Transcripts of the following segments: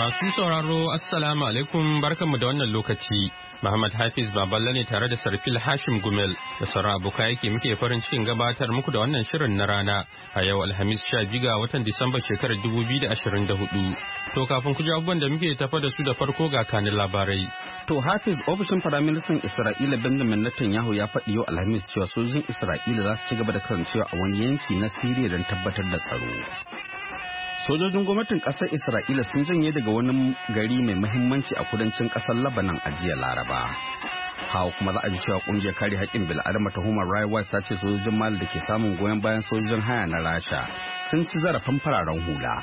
Masu sauraro Assalamu alaikum barkanmu da wannan lokaci. Muhammad Hafiz Baballe ne tare da Sarfil Hashim Gumel da sauran abokan yake muke farin cikin gabatar muku da wannan shirin na rana a yau Alhamis sha ga watan Disamba shekarar dubu biyu da da ashirin 2024. To kafin ku ji abubuwan da muke tafa da su da farko ga kanin labarai. To Hafiz ofishin Firaministan Isra'ila Benjamin Netanyahu ya faɗi yau Alhamis cewa sojojin Isra'ila za su ci gaba da karancewa a wani yanki na Siriya don tabbatar da tsaro. sojojin gwamnatin kasar isra'ila sun janye daga wani gari mai muhimmanci a kudancin kasar labanan a jiya laraba hawa kuma za a ji cewa kungiyar kare haƙƙin bil'adama ta human rights ta ce sojojin mali da ke samun goyon bayan sojojin haya na rasha sun ci zarafin fararen hula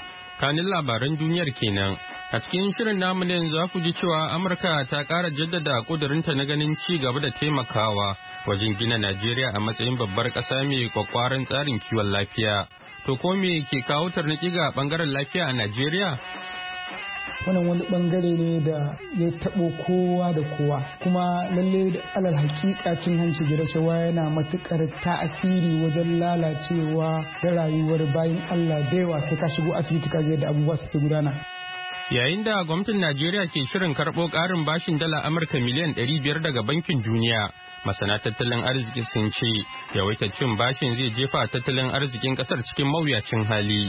kanin labaran duniyar kenan a cikin shirin namu ne za ku ji cewa amurka ta ƙara jaddada ƙudurinta na ganin ci gaba da taimakawa wajen gina najeriya a matsayin babbar ƙasa mai kwakwaran tsarin kiwon lafiya To ko me ke kawo tarnaki ga bangaren lafiya a Najeriya? wannan wani bangare ne da ya tabo kowa da kowa kuma lalle da alal hakika cin hanci cewa yana matukar ta'asiri wajen lalacewa da rayuwar bayan Allah da yawa sai ka shigo asibiti ka da abubuwa suke gudana yayin da gwamnatin Najeriya ke shirin karɓo ƙarin bashin dala Amurka miliyan 500 daga bankin duniya masana tattalin arziki sun ce yawaitar cin bashin zai jefa tattalin arzikin kasar cikin mawuyacin hali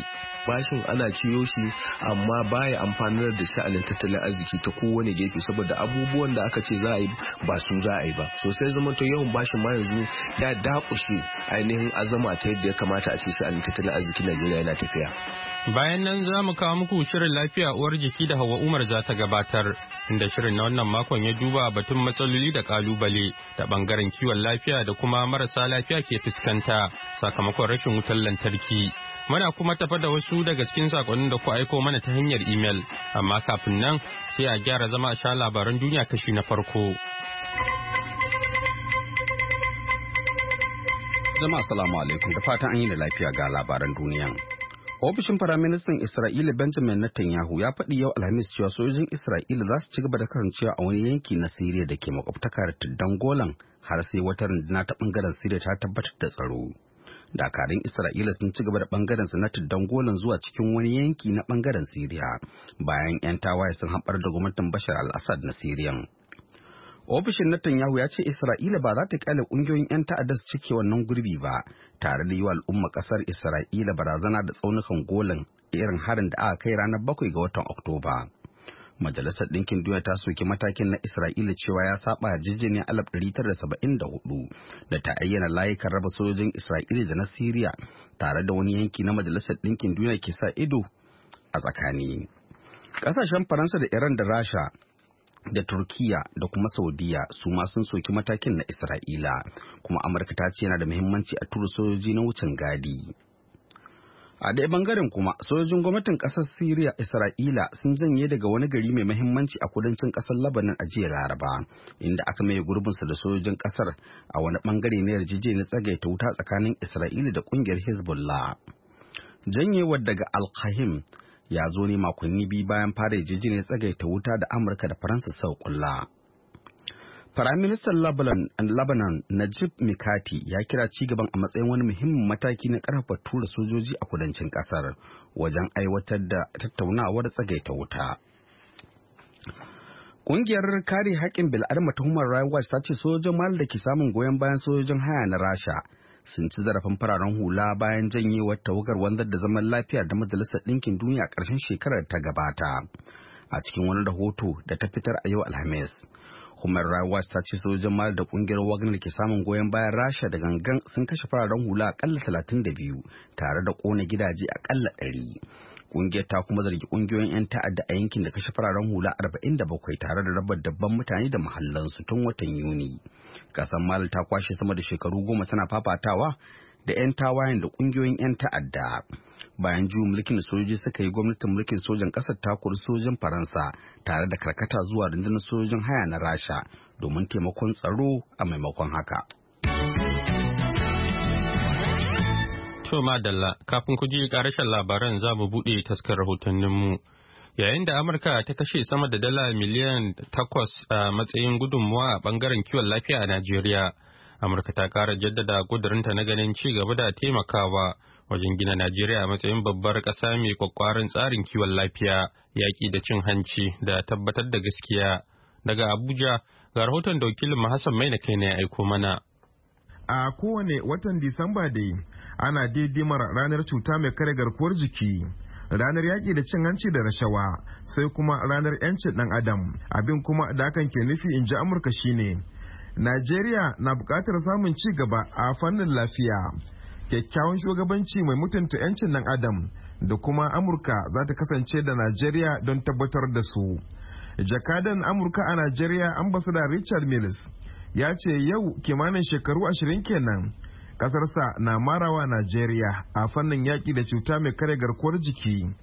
bashin ana ciyo shi amma baya amfanar da sha'anin tattalin arziki ta kowane gefe saboda abubuwan da aka ce za a yi ba su za a yi ba sosai zama to yawan bashin ma yanzu ya dakushe ainihin azama ta yadda ya kamata a ce sha'anin tattalin arziki najeriya yana tafiya bayan nan za mu kawo muku shirin lafiya uwar jiki da hawa umar za ta gabatar inda shirin na wannan makon ya duba batun matsaloli da kalubale da bangaren kiwon lafiya da kuma marasa lafiya ke fuskanta sakamakon rashin wutar lantarki. Muna kuma tafa da wasu daga cikin sakonnin da ku aiko mana ta hanyar imel, amma kafin nan sai a gyara zama a sha labaran duniya kashi na farko. Zama salamu alaikum da fatan an yi da lafiya ga labaran duniya. Ofishin Firaministan Isra'ila Benjamin Netanyahu ya faɗi yau Alhamis cewa sojojin Isra'ila za su ci gaba da karancewa a wani yanki na Siriya da ke makwabtaka da tuddan Golan har sai wata runduna ta bangaren Siriya ta tabbatar da tsaro. Dakarun Isra'ila sun ci gaba da bangaren su na tuddan Golan zuwa cikin wani yanki na bangaren Siriya bayan 'yan tawaye sun haɓar da gwamnatin Bashar al-Assad na Siriyan. Ofishin Netanyahu ya ce Isra'ila ba za ta kyale kungiyoyin 'yan ta'adda su cike wannan gurbi ba, tare da yi wa al'umma kasar Isra'ila barazana da tsaunukan golan irin harin da aka kai ranar bakwai ga watan Oktoba. Majalisar Ɗinkin Duniya ta soki matakin na Isra'ila cewa ya saba jijjiniyar alaf ɗari tara saba'in da hudu da ta ayyana layukan raba sojojin Isra'ila da na Siriya tare da wani yanki na Majalisar Ɗinkin Duniya ke sa ido a tsakani. Ƙasashen Faransa da Iran da Rasha da turkiya da kuma saudiya su ma sun soki matakin na isra'ila kuma amurka ta ce yana da muhimmanci a tura sojoji na wucin gadi a ɗaya bangaren kuma sojojin gwamnatin ƙasar syria isra'ila sun janye daga wani gari mai muhimmanci a kudancin ƙasar labanin a jiya laraba inda aka maye gurbinsa da sojojin ƙasar a wani bangare na yarjejeniyar tsagaita wuta tsakanin isra'ila da ƙungiyar hezbollah janyewar daga alkahim ya zo ne makonni biyu bayan fara yarjejeniyar tsagaita wuta da amurka da faransa sau kulla Firaministan Lebanon Najib Mikati ya kira gaban a matsayin wani muhimmin mataki na karfafa tura sojoji a kudancin kasar wajen aiwatar da tattaunawar tsagaita wuta. Ƙungiyar kare haƙƙin bil'adama ta Human Rights Watch ta ce sojojin Mali da ke samun goyon bayan sojojin haya na Rasha sun ci zarafin fararen hula bayan janyewar tawagar wanzar da zaman lafiya da majalisar ɗinkin duniya a ƙarshen shekarar ta gabata a cikin wani rahoto da ta fitar a yau alhamis human rights ta ce sojan mali da kungiyar wagner ke samun goyon bayan rasha da gangan sun kashe fararen hula akalla biyu tare da kona gidaje akalla ɗari. Kungiyar ta kuma zargi kungiyoyin 'yan ta'adda a yankin da kashe fararen hula 47 tare da rabar dabban mutane da mahallansu tun watan Yuni. Kasan Mali ta kwashe sama da shekaru goma tana fafatawa da 'yan tawayen da kungiyoyin 'yan ta'adda. Bayan juyi mulkin sojoji suka yi gwamnatin mulkin sojan kasar ta kori sojin Faransa tare da karkata zuwa rundunar sojin haya na Rasha domin taimakon tsaro a maimakon haka. To Madalla, kafin ku ji ƙarashen labaran za mu buɗe taskar rahotanninmu. Yayin da Amurka ta kashe sama da dala miliyan takwas a matsayin gudunmuwa a ɓangaren kiwon lafiya a Najeriya, Amurka ta ƙara jaddada ƙudurinta na ganin ci gaba da taimakawa wajen gina Najeriya a matsayin babbar ƙasa mai kwakwarin tsarin kiwon lafiya, yaƙi da cin hanci da tabbatar da gaskiya. Daga Abuja, ga rahoton da wakilin Hassan Maina kai ne ya aiko mana. a kowane watan disamba dai ana didimar ranar cuta mai kare garkuwar jiki ranar yaƙi da cin hanci da rashawa sai kuma ranar 'yancin ɗan adam abin kuma da hakan ke nufi in ji amurka shine najeriya na buƙatar samun ci gaba a fannin lafiya kyakkyawan shugabanci mai mutunta 'yancin ɗan adam da kuma amurka za ta kasance da najeriya don tabbatar da su jakadan amurka a najeriya ambasada richard mills ya ce yau kimanin shekaru ashirin kenan kasarsa na marawa Najeriya a fannin yaƙi da cuta mai kare garkuwar jiki.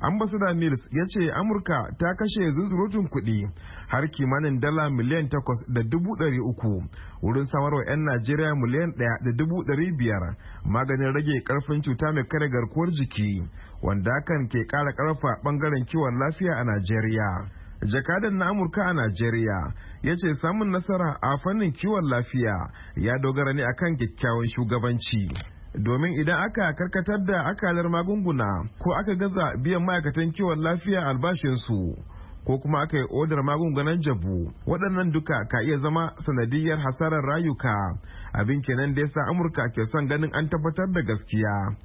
ambasada mills ya ce amurka ta kashe zuzurutun kuɗi har kimanin dala miliyan takwas da dubu ɗari uku wurin samarwa 'yan najeriya miliyan ɗaya da dubu ɗari biyar maganin rage ƙarfin cuta mai kare garkuwar jiki wanda hakan ke ƙara ƙarfa ɓangaren kiwon lafiya a najeriya jakadan na amurka a najeriya ya ce samun nasara a fannin kiwon lafiya ya dogara ne akan kyakkyawan shugabanci domin idan aka karkatar da akalar magunguna ko aka gaza biyan ma'aikatan kiwon lafiya albashinsu ko kuma aka yi odar magungunan jabu waɗannan duka ka iya zama sanadiyar hasarar rayuka abin kenan da yasa amurka ke son ganin an tabbatar da gaskiya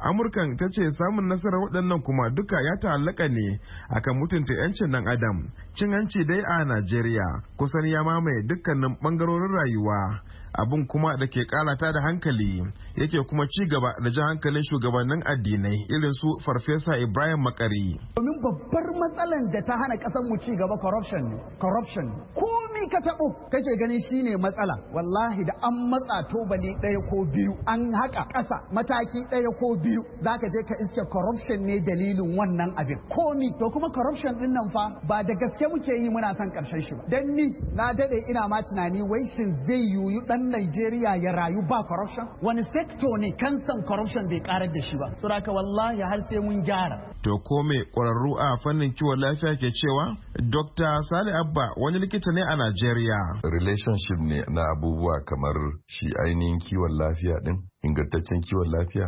amurkan ta ce samun nasarar waɗannan kuma duka ya ta'allaka ne akan mutunta 'yancin nan adam cin hanci dai a najeriya kusan ya mamaye dukkanin ɓangarorin rayuwa abin kuma da ke karata da hankali yake kuma ci gaba da ji hankalin shugabannin addinai irin su farfesa ibrahim makari domin babbar matsalan da ta hana kasan mu ci gaba corruption corruption komi ka tabo kake ganin shine matsala wallahi da an matsa tobali ɗaya ko biyu an haka ƙasa mataki ɗaya ko biyu zaka je ka iske corruption ne dalilin wannan abin komi to kuma corruption din nan fa ba da gaske muke yi muna son karshen shi ba dan ni na dade ina ma tunani wai shin zai yiwu dan ɗan Najeriya ya rayu ba corruption wani sector ne kansan corruption bai karar da shi ba suraka wallahi har sai mun gyara to ko me kwararru a fannin kiwon lafiya ke cewa Dr. Sale Abba wani likita ne a Najeriya relationship ne na abubuwa kamar shi ainihin kiwon lafiya din ingantaccen kiwon lafiya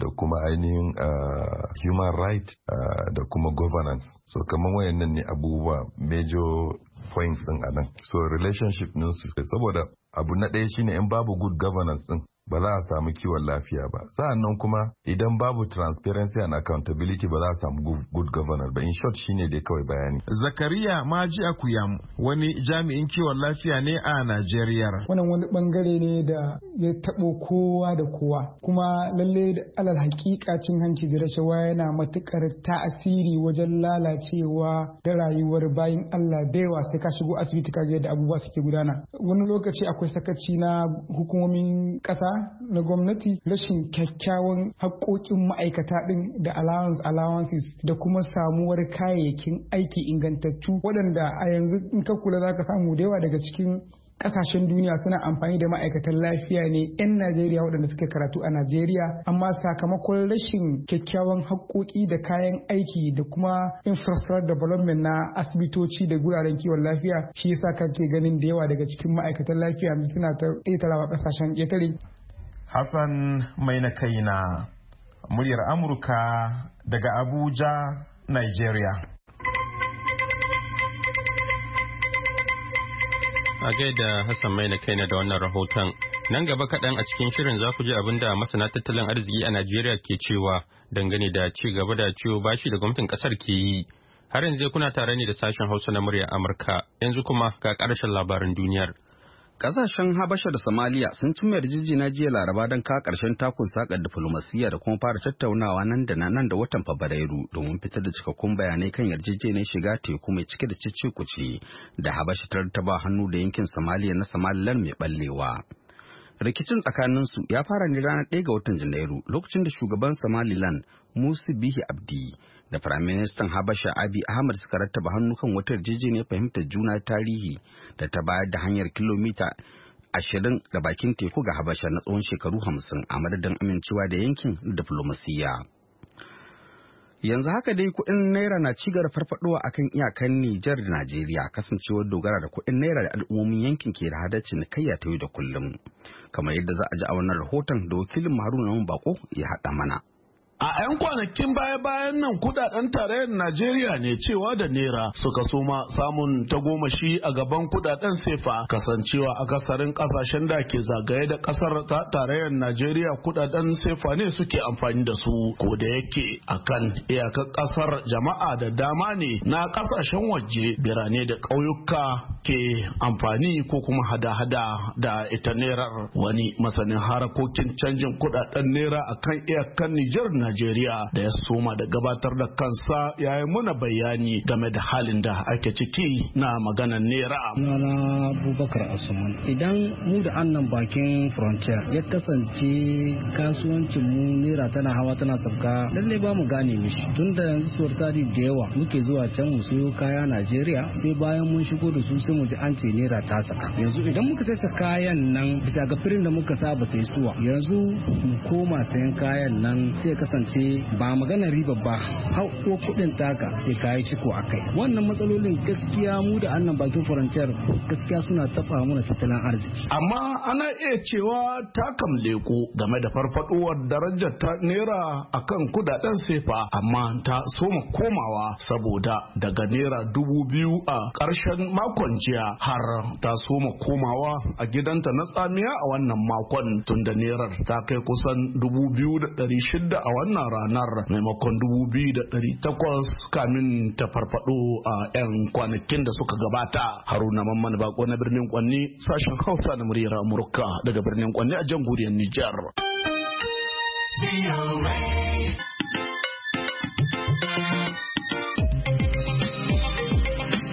da kuma ainihin uh, human right uh, da kuma governance so kamar wayannan ne abubuwa major points din a nan so relationship su saboda abu na ɗaya shine in babu good governance din ba za a samu kiwon lafiya ba nan kuma idan babu transparency and accountability ba za a samu good governor ba in short shine dai kawai bayani zakariya maji akuyam wani jami'in kiwon lafiya ne a najeriya wannan wani bangare ne da ya tabo kowa da kowa kuma lalle da alal hakika cin hanci da rashawa yana matukar ta'asiri wajen lalacewa da rayuwar bayan Allah baiwa sai ka shigo asibiti ka ga yadda abubuwa suke gudana wani lokaci akwai sakaci na hukumomin ƙasa. na gwamnati rashin kyakkyawan haƙoƙin ma'aikata ɗin da allowance allowances da kuma samuwar kayayyakin aiki ingantattu waɗanda a yanzu in ka kula za ka samu da yawa daga cikin ƙasashen duniya suna amfani da ma'aikatan lafiya ne 'yan Najeriya waɗanda suke karatu a Najeriya amma sakamakon rashin kyakkyawan haƙƙoƙi da kayan aiki da kuma infrastructure development na asibitoci da guraren kiwon lafiya shi yasa kake ganin da yawa daga cikin ma'aikatan lafiya suna ta ƙetarawa ƙasashen ƙetare Hassan mai na kaina muryar Amurka daga Abuja, Nigeria. A gaida Hassan mai na kaina da wannan rahoton. Nan gaba kaɗan a cikin shirin za ku ji abin da masana tattalin arziki a Najeriya ke cewa dangane da ci gaba da ciwo bashi da gwamnatin ƙasar ke yi. Har yanzu kuna tare ne da sashen Hausa na muryar Amurka, yanzu kuma ga ƙarshen labarin duniyar. Kasashen Habasha da Somalia sun cimma na jiya Laraba don ka karshen takun sakar diflomasiyya da kuma fara tattaunawa nan da nan da watan Fabrairu domin fitar da cikakkun bayanai kan yarjejeniyar shiga teku mai cike da cicikuci da Habasha ta taba hannu da yankin Somalia na Somaliland mai ballewa. Rikicin tsakaninsu ya fara ne ranar 1 ga watan Janairu lokacin da shugaban Somaliland Musi Bihi Abdi da Firaministan Habasha Abi Ahmad suka rattaba hannu kan wata ne fahimtar juna tarihi da ta bayar da hanyar kilomita ashirin da bakin teku ga Habasha na tsawon shekaru hamsin a madadin amincewa da yankin diflomasiyya. yanzu haka dai kuɗin naira na ci gaba farfadowa akan iyakan Nijar da Najeriya kasancewar dogara da kuɗin naira da al'ummomin yankin ke da hadacin kayya ta yi da kullum kamar yadda za a ji a wannan rahoton da wakilin Haruna Bako ya haɗa mana. A 'yan kwanakin baya-bayan nan kudaden tarayyar Najeriya ne cewa da Naira suka soma samun tagomashi a gaban kudaden sefa kasancewa a akasarin kasashen da ke zagaye da kasar ta tarayyar Najeriya kudaden sefa ne suke amfani da su ko da yake akan iyakar kasar jama'a da dama ne na kasashen waje birane da ƙauyuka ke amfani ko kuma hada-hada da ita Nairar wani masanin harakokin canjin kudaden Naira akan iyakar Nijar Najeriya da ya soma da gabatar da kansa ya yi muna bayani game da halin da ake ciki na maganar nera. Nana Abubakar Asuman. Idan mu da annan bakin frontier ya kasance kasuwancin mu nera tana hawa tana sabka lalle ba mu gane mishi tun da yanzu suwar tari da yawa muke zuwa can mu siyo kaya Najeriya sai bayan mun shigo da su sai mu ji an ce nera ta saka. Yanzu idan muka sai kayan nan bisa ga firin da muka saba sai suwa yanzu mu koma sayan kayan nan sai ka kasance ba maganar riba ba har ko kuɗin taka sai kayi ciko a kai wannan matsalolin gaskiya mu da annan bakin faranciyar gaskiya suna tafa mana tattalin arziki amma ana iya cewa ta leko game da farfaduwar darajar ta naira akan kudaden sefa amma ta soma komawa saboda daga naira dubu biyu a karshen makon jiya har ta soma komawa a gidanta na tsamiya a wannan makon tunda nerar ta kai kusan dubu biyu da ɗari shida a wannan ranar maimakon dubu biyu da ɗari takwas kamin ta farfado a 'yan kwanakin da suka gabata haruna mamman bako na birnin kwanni sashen hausa na muryar amurka daga birnin kwanni a jamhuriyar nijar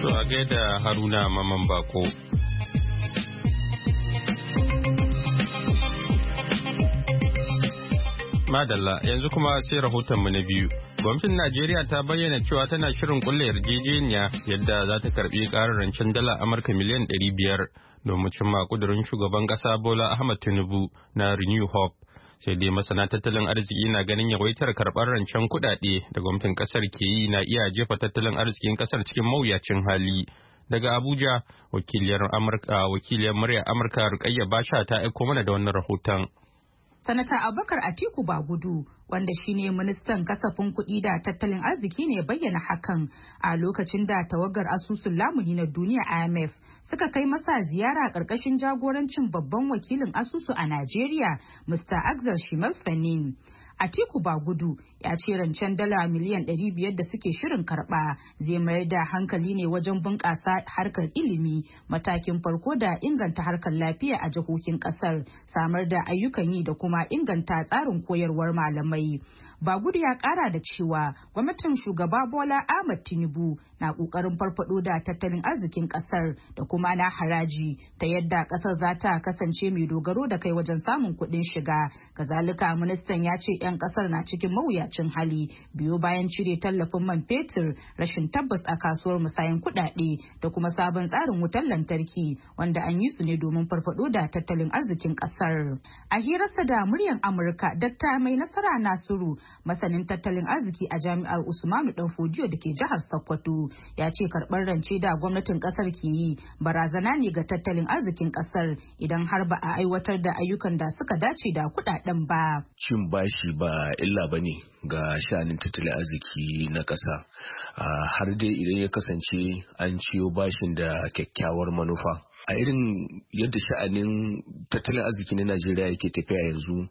To a gaida haruna mamman bako Madalla yanzu kuma sai rahoton mu na biyu. Gwamnatin Najeriya ta bayyana cewa tana shirin kulle yarjejeniya yadda za ta karbi karar rancen dala Amurka miliyan 500 domin cimma kudurin shugaban kasa Bola Ahmed Tinubu na Renew Hope. Sai dai masana tattalin arziki na ganin yawaitar karbar rancen kuɗaɗe da gwamnatin kasar ke yi na iya jefa tattalin arzikin kasar cikin mawuyacin hali. Daga Abuja, wakiliyar murya Amurka Rukayya Basha ta aiko mana da wannan rahoton. Sanata Abubakar Atiku Bagudu wanda shine ministan kasafin kuɗi da tattalin arziki ne bayyana hakan a lokacin da tawagar asusun lamuni na duniya IMF suka kai masa ziyara ƙarƙashin jagorancin babban wakilin asusu a Najeriya Mr. Axel Shimel Fanning. Atiku Bagudu ya ce rancen dala miliyan 500 da suke shirin karba zai mayar da hankali ne wajen bunƙasa harkar ilimi matakin farko da inganta harkar lafiya a jihohin ƙasar samar da ayyukan yi da kuma inganta tsarin koyarwar malamai. Bagudu ya ƙara da cewa gwamnatin shugaba Bola Ahmad Tinubu na ƙoƙarin farfado da tattalin arzikin ƙasar da kuma na haraji ta yadda ƙasar za ta kasance mai dogaro da kai wajen samun kuɗin shiga. Kazalika ministan ya ce 'yan mutanen kasar na cikin mawuyacin hali biyo bayan cire tallafin man fetur rashin tabbas a kasuwar musayin kuɗaɗe da kuma sabon tsarin wutar lantarki wanda an yi su ne domin farfado da tattalin arzikin kasar. A hirarsa da muryar Amurka, Dakta Mai Nasara Nasiru, masanin tattalin arziki a Jami'ar Usmanu Fodiyo da ke jihar Sokoto, ya ce karɓar rance da gwamnatin kasar ke yi barazana ne ga tattalin arzikin kasar idan har ba a aiwatar da ayyukan da suka dace da kuɗaɗen ba. Cin bashi ba illa ba ne ga sha'anin tattalin arziki na ƙasa ah, har dai idan ya kasance an ciyo bashin da kyakkyawar manufa a irin yadda sha'anin tattalin arziki na Najeriya yake tafiya yanzu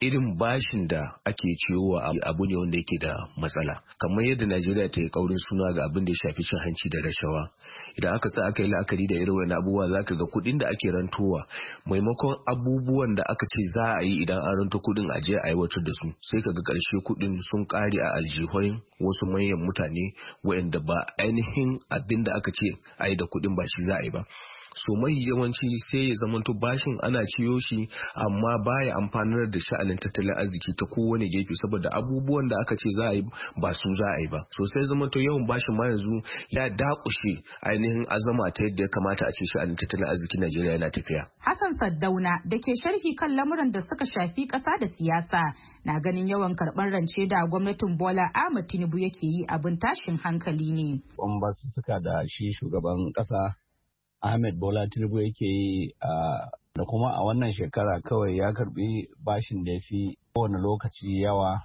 irin bashin da ake ciyowa abu ne wanda yake da matsala kamar yadda Najeriya ta yi kaurin suna ga abin da ya shafi cin hanci da rashawa idan aka sa aka yi la'akari da irin wani abubuwa zaka ga kuɗin da ake rantowa maimakon abubuwan da aka ce za a yi idan an ranto kuɗin a je a aiwatar da su sai ka ga ƙarshe kuɗin sun kare a aljihun wasu manyan mutane waɗanda ba ainihin abin da aka ce a yi da kuɗin ba shi za a yi ba su mai yawanci sai ya zamanto bashin ana ciyo shi amma baya amfanar da sha'anin tattalin arziki ta kowane gefe saboda abubuwan da aka ce za a yi ba su za a yi ba so sai zamanto yawan bashin ma yanzu ya dakushe ainihin azama ta yadda ya kamata a ce sha'anin tattalin arziki Najeriya yana tafiya. Hassan Saddauna da ke sharhi kan lamuran da suka shafi kasa da siyasa na ganin yawan karɓar rance da gwamnatin Bola Ahmed Tinubu yake yi abin tashin hankali ne. su suka da shi shugaban kasa. Ahmed Bola Tinubu yake yi da kuma a wannan shekara kawai ya karbi bashin da ya fi kowane lokaci yawa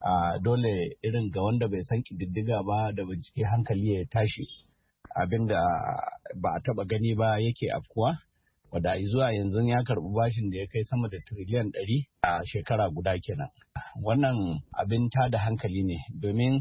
a dole irin ga wanda bai san kididdiga ba da bincike hankali ya tashi abin da ba a taba gani ba yake afkuwa wadda zuwa yanzu ya karbi bashin da ya kai sama da tiriliyan ɗari a shekara guda kenan. Wannan abin ta da hankali ne domin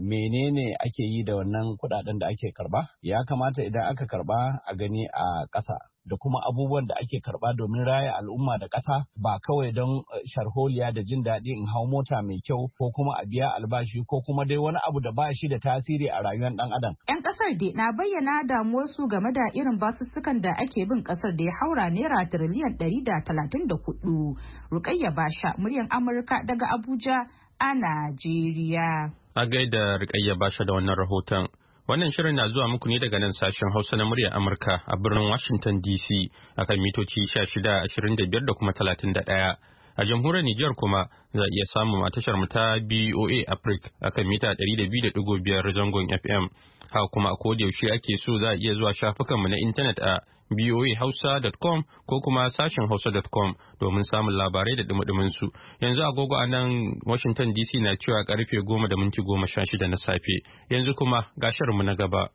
menene ake yi da wannan kuɗaɗen da ake karba? Ya kamata idan aka karba a gani a ƙasa da kuma abubuwan da ake karba domin raya al'umma da ƙasa ba kawai don eh, sharholiya da jin daɗi in hau mota mai kyau ko kuma a biya albashi ko kuma dai wani abu da ba shi da tasiri a rayuwar ɗan adam. 'Yan ƙasar dai na bayyana damuwarsu game da irin basussukan da ake bin ƙasar da ya haura naira tiriliyan ɗari da talatin da kuɗu. Rukayya Basha, muryar Amurka daga Abuja a Najeriya. A gaida Rukayya Basha da wannan rahoton. Wannan shirin na zuwa muku ne daga nan sashen Hausa na muryar Amurka a birnin Washington DC akan mitoci 16, 25 da kuma 31. a jamhuriyar Nijar kuma za a iya samun tashar mu ta BOA Africa akan mita 200.5 zangon FM. Ha kuma a koda yaushe ake so za a iya zuwa shafukanmu na intanet a voahausa.com ko kuma sashen hausa.com domin samun labarai da dumudumin su. Yanzu agogo a nan Washington DC na cewa karfe goma da minti goma sha shida na safe. Yanzu kuma gasharmu mu na gaba.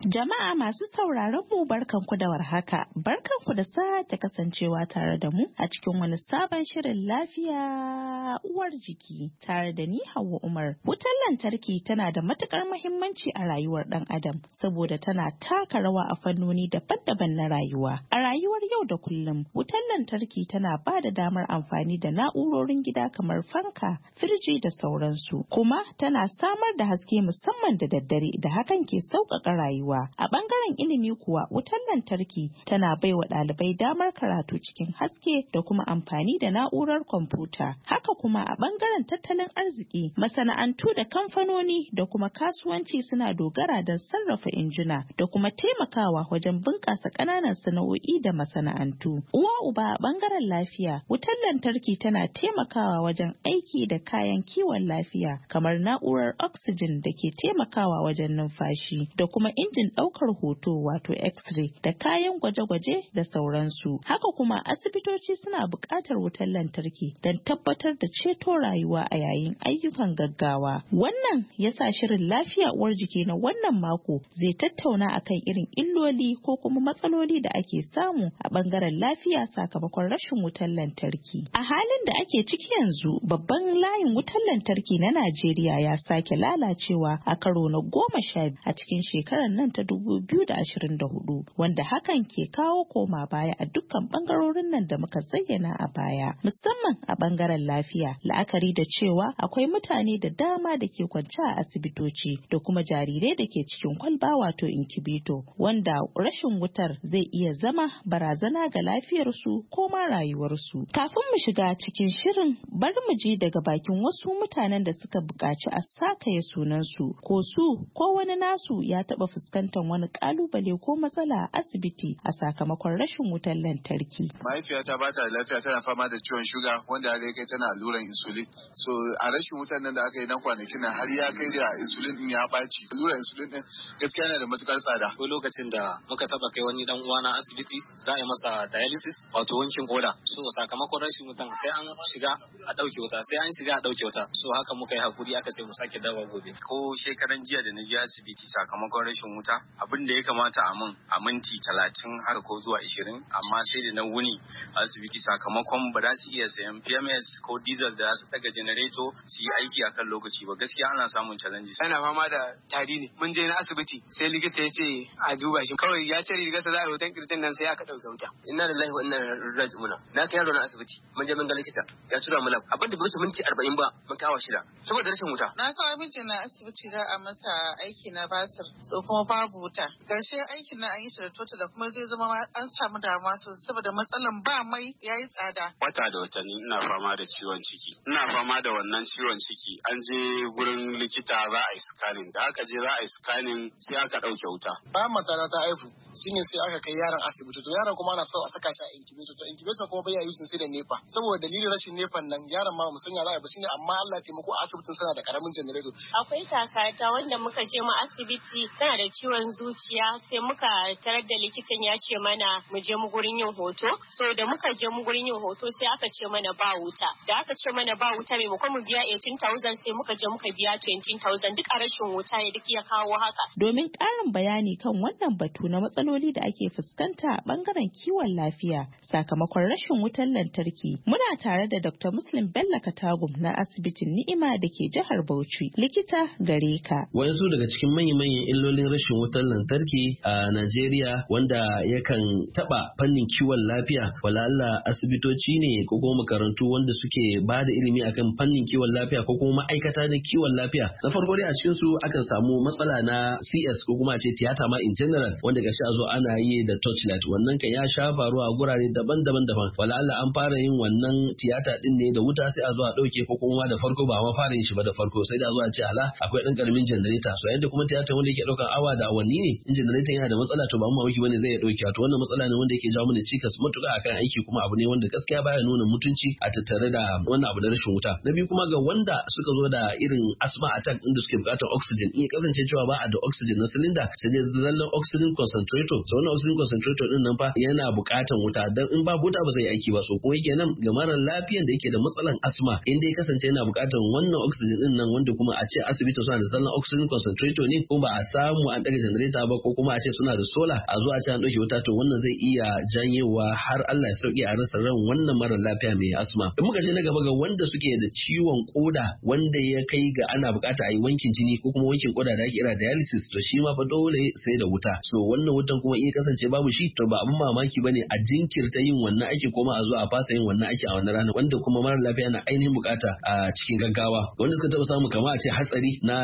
Jama'a masu sauraron mu barkanku da warhaka, barkanku da sake kasancewa tare da mu a cikin wani sabon shirin lafiya uwar jiki tare da ni Hauwa Umar. Wutar lantarki tana da matukar muhimmanci a rayuwar ɗan adam saboda tana taka rawa a fannoni daban-daban na rayuwa. A rayuwar yau da kullum, wutar lantarki tana ba da damar amfani da na'urorin gida kamar fanka, firji da sauransu, kuma tana samar da haske musamman da daddare da hakan ke sauƙaƙa rayuwa. rayuwa. A bangaren ilimi kuwa wutar lantarki tana bai wa ɗalibai damar karatu cikin haske da kuma amfani da na'urar kwamfuta. Haka kuma a bangaren tattalin arziki masana'antu da kamfanoni da kuma kasuwanci suna dogara don sarrafa injina da kuma taimakawa wajen bunƙasa ƙananan sana'o'i da masana'antu. Uwa uba a bangaren lafiya wutar lantarki tana taimakawa wajen aiki da kayan kiwon lafiya kamar na'urar oxygen da ke taimakawa wajen numfashi da kuma injin injin ɗaukar hoto wato x-ray da kayan gwaje-gwaje da sauransu. Haka kuma asibitoci suna buƙatar wutar lantarki don tabbatar da ceto rayuwa a yayin ayyukan gaggawa. Wannan ya sa shirin lafiya uwar jiki na wannan mako zai tattauna akan irin illoli ko kuma matsaloli da ake samu a ɓangaren lafiya sakamakon rashin wutar lantarki. A halin da ake ciki yanzu babban layin wutar lantarki na Najeriya ya sake lalacewa a karo na goma sha a cikin shekarar nan ta 2024 wanda hakan ke kawo koma baya a dukkan bangarorin nan da muka zayyana a baya musamman a bangaren lafiya la'akari da cewa akwai mutane da dama da ke kwance a asibitoci da kuma jarirai da ke cikin kwalba wato inkibito wanda rashin wutar zai iya zama barazana ga lafiyarsu ko ma rayuwarsu kafin mu shiga cikin shirin bari mu je daga bakin wasu mutanen da suka buƙaci a sakaye sunansu ko su ko wani nasu ya taɓa fuskantar fuskantar wani kalubale ko matsala a asibiti a sakamakon rashin wutar lantarki. Mahaifiyata ba ta lafiya tana fama da ciwon shuga wanda har kai tana alluran insulin. So a rashin wutar nan da aka yi na kwanakin nan har ya kai da insulin din ya ɓaci. Alluran insulin din gaskiya yana da matukar tsada. Ko lokacin da muka taba kai wani dan uwa na asibiti za a yi masa dialysis wato wankin koda. So sakamakon rashin wutan sai an shiga a ɗauke wuta sai an shiga a ɗauke wuta. So haka muka yi hakuri aka ce mu sake dawa gobe. Ko shekaran jiya da na je asibiti sakamakon rashin wuta ma'aikata abin da ya kamata a mun a minti talatin haka ko zuwa ishirin amma sai da na wuni a asibiti sakamakon ba za su iya sayan pms ko diesel da su daga janareto su yi aiki akan lokaci ba gaskiya ana samun challenges ana fama da tari ne mun je na asibiti sai likita ya ce a duba shi kawai ya ce riga sa za a rotan kirjin nan sai aka ɗauke wuta inna lillahi wa inna ilaihi muna na kai yaro na asibiti mun je mun ga likita ya tura mu lab abin da bai wuce minti arba'in ba mun kawo shida saboda rashin wuta na kawo na asibiti da a masa aiki na basir so kuma babu wuta karshe aikin na an yi shi da tota da kuma zai zama an samu damuwa sosai saboda matsalan ba mai ya yi tsada wata da watanni ina fama da ciwon ciki ina fama da wannan ciwon ciki an je gurin likita za a yi scanning da aka je za a yi scanning sai aka ɗauke wuta ba matsala ta haihu shine sai aka kai yaran asibiti to yaron kuma ana so a saka shi a incubator to incubator kuma bai yi sai da nepa saboda dalilin rashin nefan nan yaron ma musun ya za a shine amma Allah taimako a asibitin suna da karamin generator akwai kakata wanda muka je mu asibiti tana da ciwon zuciya sai muka tarar da likitan ya ce mana mu je mu gurin yin hoto so da muka je mu gurin yin hoto sai aka ce mana ba wuta da aka ce mana ba wuta mai muka mu biya 18000 sai muka je muka biya 20000 duk a rashin wuta ya duk ya kawo haka domin ƙarin bayani kan wannan batu na matsalolin matsaloli da ake fuskanta a bangaren kiwon lafiya sakamakon rashin wutar lantarki. Muna tare da Dr. Muslim Bello Katagum na asibitin Ni'ima da ke jihar Bauchi. Likita gare ka. Wayansu daga cikin manya manyan illolin rashin wutar lantarki a Najeriya wanda yakan taba fannin kiwon lafiya wala Allah asibitoci ne ko kuma makarantu wanda suke ba da ilimi akan fannin kiwon lafiya ko kuma ma'aikata na kiwon lafiya. Na farko dai a cikin su akan samu matsala na CS ko kuma a ce tiyata ma in general wanda gashi a zo ana yi da torchlight wannan kan ya sha faruwa a gurare daban-daban daban wala an fara yin wannan tiyata din ne da wuta sai a zo a dauke ko kuma da farko ba ma fara yin shi ba da farko sai da zo a ce ala akwai dan karamin generator so yadda kuma tiyata wanda yake daukan awa da awanni ne in generator yana da matsala to ba mu mawuki bane zai dauke to wannan matsala ne wanda yake jawo mana cikas mutuka akan aiki kuma abu ne wanda gaskiya baya nuna mutunci a tattare da wannan abu da rashin wuta na biyu kuma ga wanda suka zo da irin asma attack inda suke bukatar oxygen in ya kasance cewa ba a da oxygen na silinda sai dai zallan oxygen concentrate concentrator so wannan oxygen concentrator din nan fa yana bukatan wuta dan in ba wuta ba zai aiki ba so kuma yake nan ga mara lafiyan da yake da matsalan asma in dai kasance yana buƙatan wannan oxygen din nan wanda kuma a ce asibiti suna da sallan oxygen concentrator ne Ko ba a samu an ɗaga generator ba ko kuma a ce suna da solar a zo a ce an ɗauke wuta to wannan zai iya janyewa har Allah ya sauki a rasa ran wannan mara lafiya mai asma in muka je na gaba ga wanda suke da ciwon koda wanda ya kai ga ana bukata a yi wankin jini ko kuma wankin koda da ake kira dialysis to shi ma fa dole sai da wuta so wannan wutan kuma in kasance babu shi to ba abun mamaki bane a jinkirta yin wannan aiki kuma a zo a fasa yin wannan aiki a wannan rana wanda kuma mara lafiya na ainihin bukata a cikin gaggawa wanda suka taba samu kama a ce hatsari na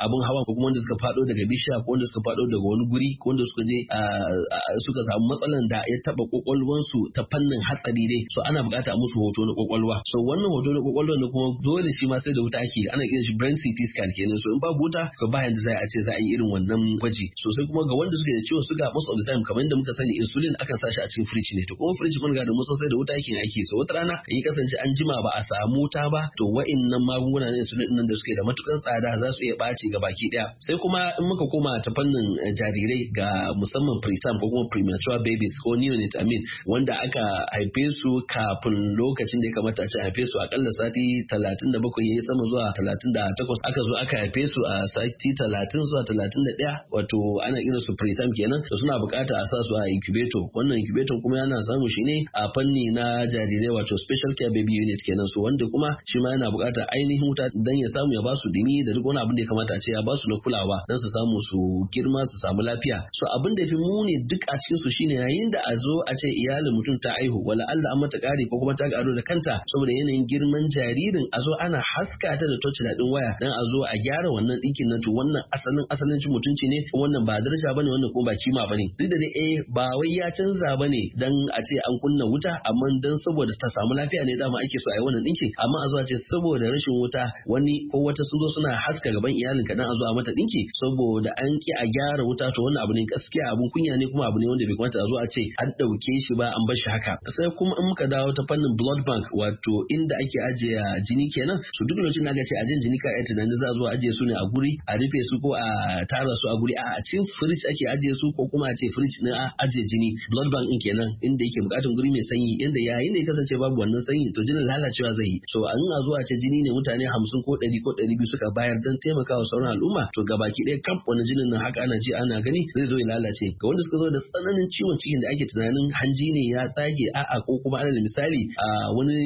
abin hawa ko kuma wanda suka fado daga bishiya ko wanda suka fado daga wani guri ko wanda suka je suka samu matsalan da ya taba su ta fannin hatsari ne so ana bukata a musu hoto na kokolwa so wannan hoto na kwakwalwa ne kuma dole shi ma sai da wuta ake ana kiran shi brain CT scan kenan so in babu wuta to ba yanda za a ce za a yi irin wannan gwaji sosai kuma ga wanda suke da ciwon suka most of the time kamar yadda muka sani insulin akan sashi a cikin fridge ne to kuma fridge mun ga da mun sai da wuta yake aiki so wata rana kai kasance an jima ba a samu wuta ba to wa'annan magunguna na insulin din nan da suke da matukar tsada za su iya ɓaci ga baki daya sai kuma in muka koma ta fannin eh, jarirai ga musamman preterm ko kuma premature babies ko neonate mean wanda aka haife su kafin lokacin da ya kamata a ce haife su akalla sati talatin da bakwai ya yi sama zuwa talatin da takwas aka zo aka haife su a sati talatin zuwa talatin da ɗaya wato ana irin su preterm kenan to suna Ana bukata a sasu a incubator wannan incubator kuma yana samu shi ne a fanni na jarirai wato special care baby unit kenan su wanda kuma shi ma yana bukata ainihin wuta dan ya samu ya ba su dimi da duk wani abin da ya kamata a ce ya ba su na kulawa dan su samu su girma su samu lafiya so abin da fi muni duk a cikin su shine yayin da a zo a ce iyalin mutum ta aihu wala Allah an mata kari ko kuma ta karo da kanta saboda yanayin girman jaririn a zo ana haska ta da torchlight din waya dan a zo a gyara wannan dinkin na to wannan asalin asalin mutunci ne wannan ba daraja bane wannan kuma ba kima bane duk da dai eh ba wai ya canza bane dan a ce an kunna wuta amma dan saboda ta samu lafiya ne dama ake so a yi wannan dinki amma a zuwa ce saboda rashin wuta wani ko wata sun zo suna haska gaban iyalin ka dan a zuwa mata dinki saboda an ki a gyara wuta to wannan abu ne gaskiya abun kunya ne kuma abu ne wanda bai kamata a zo a ce an dauke shi ba an bar shi haka sai kuma in muka dawo ta fannin blood bank wato inda ake ajiye jini kenan su duk lokacin da ce ajin jini ka yi tunanin za a zo ajiye su ne a guri a rufe su ko a tara su a guri a cikin firij ake ajiye su ko kuma a ce fridge na ajiye jini blood bank din kenan inda yake bukatun guri mai sanyi inda yayi da ya kasance babu wannan sanyi to jinin lalacewa zai yi so an a zuwa ce jini ne mutane hamsin ko 100 ko 200 biyu suka bayar don taimakawa sauran al'umma to gabaki ɗaya kam wani jinin nan haka ana ji ana gani zai zo ya lalace ga wanda suka zo da tsananin ciwon cikin da ake tunanin hanji ne ya tsage a ko kuma ana misali a wani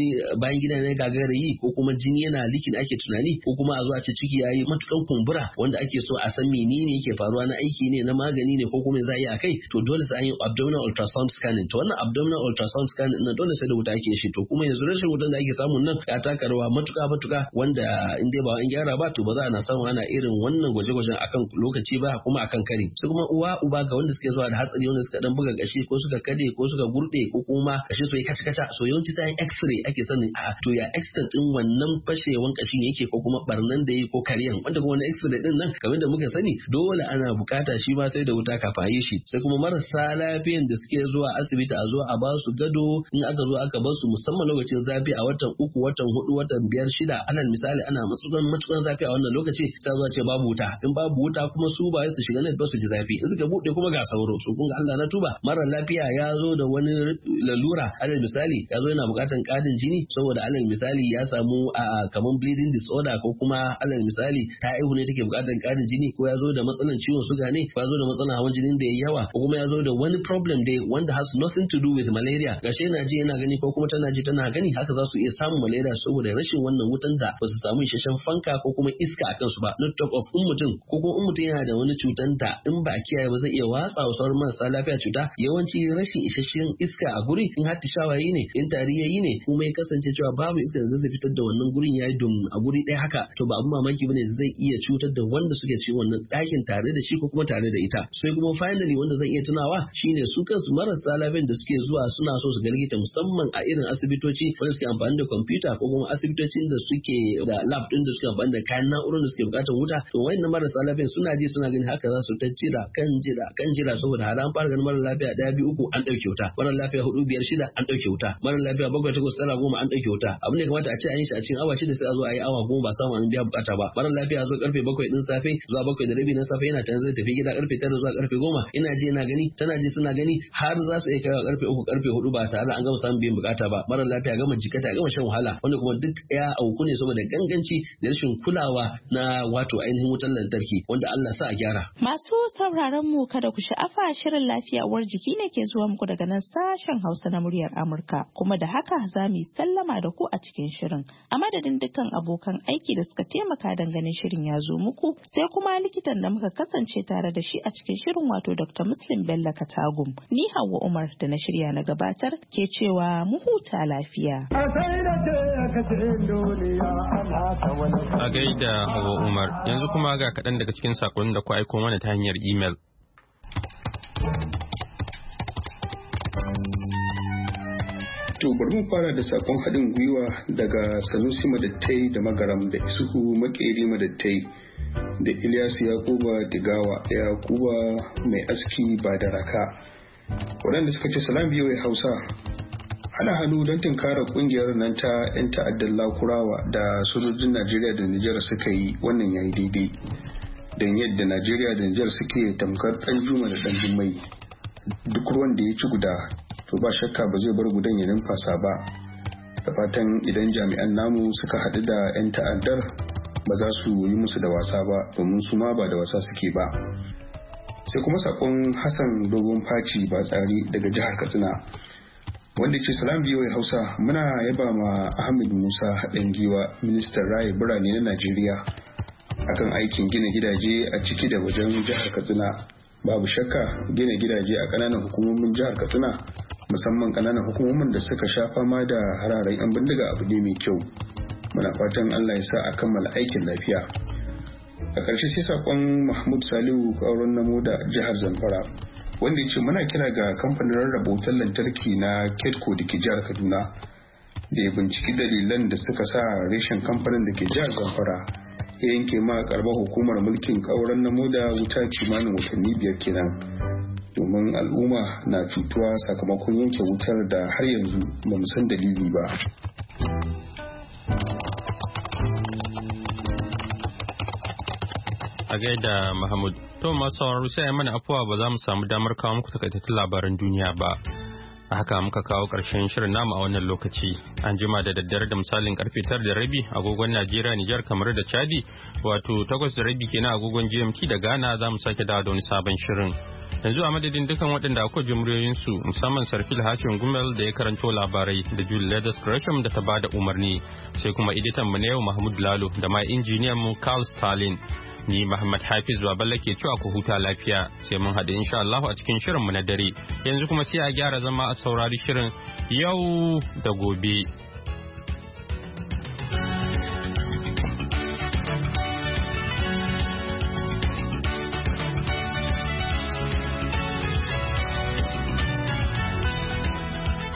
bayan gida ne gagara yi ko kuma jini yana likin ake tunani ko kuma a zo a ce ciki yayi matukan kumbura wanda ake so a san menene yake faruwa na aiki ne na magani ne ko kuma za a a kai to dole sai an yi abdominal ultrasound scanning to wannan abdominal ultrasound scanning na dole sai da wuta ake shi to kuma yanzu rashin wutan da ake samun nan ya taka rawa matuka matuka wanda in dai ba an gyara ba to ba za a samu ana irin wannan gwaje-gwajen akan lokaci ba kuma akan kari sai kuma uwa uba ga wanda suke zuwa da hatsari wanda suka dan buga kashi ko suka kade ko suka gurde ko kuma kashi su yi kaca-kaca so yawanci sai x-ray ake sanin a ah, to ya extent din wannan fashewan kashin yake ko kuma barnan da yi ko karyan wanda kuma wannan x-ray din nan kamar da muka sani dole ana bukata shi ma sai da wuta kafa yi shi asibiti sai kuma marasa lafiyan da suke zuwa asibiti a zo a ba su gado in aka zo aka ba su musamman lokacin zafi a watan uku watan hudu watan biyar shida alal misali ana matsugan matsugan zafi a wannan lokaci sai zuwa ce babu wuta in babu wuta kuma su ba su shiga net ba su ji zafi in suka bude kuma ga sauro su kun Allah na tuba mara lafiya ya zo da wani lalura alal misali ya zo yana bukatan kadin jini saboda alal misali ya samu a kaman bleeding disorder ko kuma alal misali ta aihu ne take bukatan kadin jini ko ya zo da matsalan ciwon suga ne ko ya zo da matsalan hawan jinin da ya yawa kuma ya zo da wani problem dai wanda has nothing to do with malaria gashi yana ji yana gani ko kuma tana ji tana gani haka za su iya samun malaria saboda rashin wannan wutan da ba su samu isasshen fanka ko kuma iska a kansu ba not talk of in mutum ko kuma yana da wani cutan da in ba a kiyaye ba zai iya watsa wa sauran marasa lafiya cuta yawanci rashin isasshen iska a guri in har yi ne in tari yi ne kuma ya kasance cewa babu iska da zai fitar da wannan gurin ya yi dum a guri ɗaya haka to ba abin mamaki ba ne zai iya cutar da wanda suke cikin wannan ɗakin tare da shi ko kuma tare da ita sai kuma finally wanda zan iya tunawa shine su kansu marasa lafiyan da suke zuwa suna so su galgita musamman a irin asibitoci wanda suke amfani da kwamfuta ko kuma asibitocin da suke da lab din da suke amfani da kayan na'urar da suke bukatar wuta to wayannan marasa lafiyan suna ji suna gani haka za su ta jira kan jira kan jira saboda har an fara ganin mara lafiya daya biyu uku an dauke wuta mara lafiya hudu biyar shida an dauke wuta mara lafiya bakwai takwas tara goma an dauke wuta abin da kamata a ce an yi shi a cikin awa shida sai a zo a yi awa goma ba samu an biya bukata ba mara lafiya zo karfe bakwai din safe zuwa bakwai da rabi na safe yana tanzai tafi gida karfe tara zuwa karfe goma yana je na gani tana je suna gani har za su iya kaiwa karfe uku karfe hudu ba tare an gama samun biyan bukata ba mara lafiya gama jikata gama shan wahala wanda kuma duk ya auku ne saboda ganganci da rashin kulawa na wato ainihin wutar lantarki wanda Allah sa a gyara. Masu sauraron mu kada ku sha'afa shirin lafiya uwar jiki ne ke zuwa muku daga nan sashen Hausa na muryar Amurka kuma da haka za mu sallama da ku a cikin shirin. A madadin dukkan abokan aiki da suka taimaka dangane shirin ya zo muku sai kuma likitan da muka kasance tare da shi a cikin shirin wato Dr. Dr. Muslim Bello Katagum. Ni Hauwa Umar da na shirya na gabatar ke cewa mu huta lafiya. A gaida Hauwa Umar, yanzu kuma ga kaɗan daga cikin saƙon da ku aiko mana ta hanyar imel. To bari mu fara da sakon haɗin gwiwa daga Sanusi Madattai da Magaram da Isuhu Makeri Madattai. da Ilyas Yakuba Digawa Yakuba mai aski ba da raka. Waɗanda suka ce salam biyu Hausa. Ana hannu don tunkara ƙungiyar nan ta 'yan ta'addar lakurawa da sojojin Najeriya da Nijar suka yi wannan yayi daidai. Don yadda Najeriya da Nijar suke tamkar ɗan juma da ɗan jummai. Duk ruwan da ya ci guda, to ba shakka ba zai bar gudan ya numfasa ba. Da fatan idan jami'an namu suka haɗu da 'yan ta'addar ba za su yi musu da wasa ba domin su ma ba da wasa suke ba sai kuma sakon hassan dogon faci ba tsari daga jihar katsina wanda ke salam biyoyi hausa muna yaba ma ahmed musa haɗin giwa ministan raye birane na najeriya akan aikin gina gidaje a ciki da wajen jihar katsina babu shakka gina gidaje a ƙananan hukumomin jihar katsina musamman ƙananan hukumomin da suka sha fama da hararen 'yan bindiga abu ne mai kyau muna fatan Allah ya sa a kammala aikin lafiya a ƙarshe sai saƙon mahmud salihu ƙauron namo da jihar zamfara wanda ya ce muna kira ga kamfanin rarraba wutar lantarki na ketco da ke jihar kaduna da ya binciki dalilan da suka sa reshen kamfanin da ke jihar zamfara ya yanke ma karbar hukumar mulkin ƙauren namo da wuta kimanin watanni biyar kenan domin al'umma na cutuwa sakamakon yanke wutar da har yanzu ba mu san dalili ba. A gaida Mahmud. To masu sauraro sai mana afuwa ba za mu samu damar kawo muku takaitattun labaran duniya ba. A haka muka kawo ƙarshen shirin namu a wannan lokaci. An jima da daddare da misalin karfe tara da rabi agogon Najeriya, Nijar, kamar da Chadi, wato takwas da rabi kenan agogon GMT da Ghana za mu sake dawo da wani sabon shirin. Yanzu a madadin dukkan waɗanda akwai su musamman Sarfil Hashin Gumel da ya karanto labarai da Julie Leathers Gresham da ta bada umarni sai kuma editan mu na yau Mahmud Lalo da ma injiniyan mu Carl Stalin. Ni Muhammad Hafiz Baballe ke cewa ku huta lafiya sai mun haɗu insha Allah a cikin shirinmu na dare. Yanzu kuma sai a gyara zama a saurari shirin yau da gobe.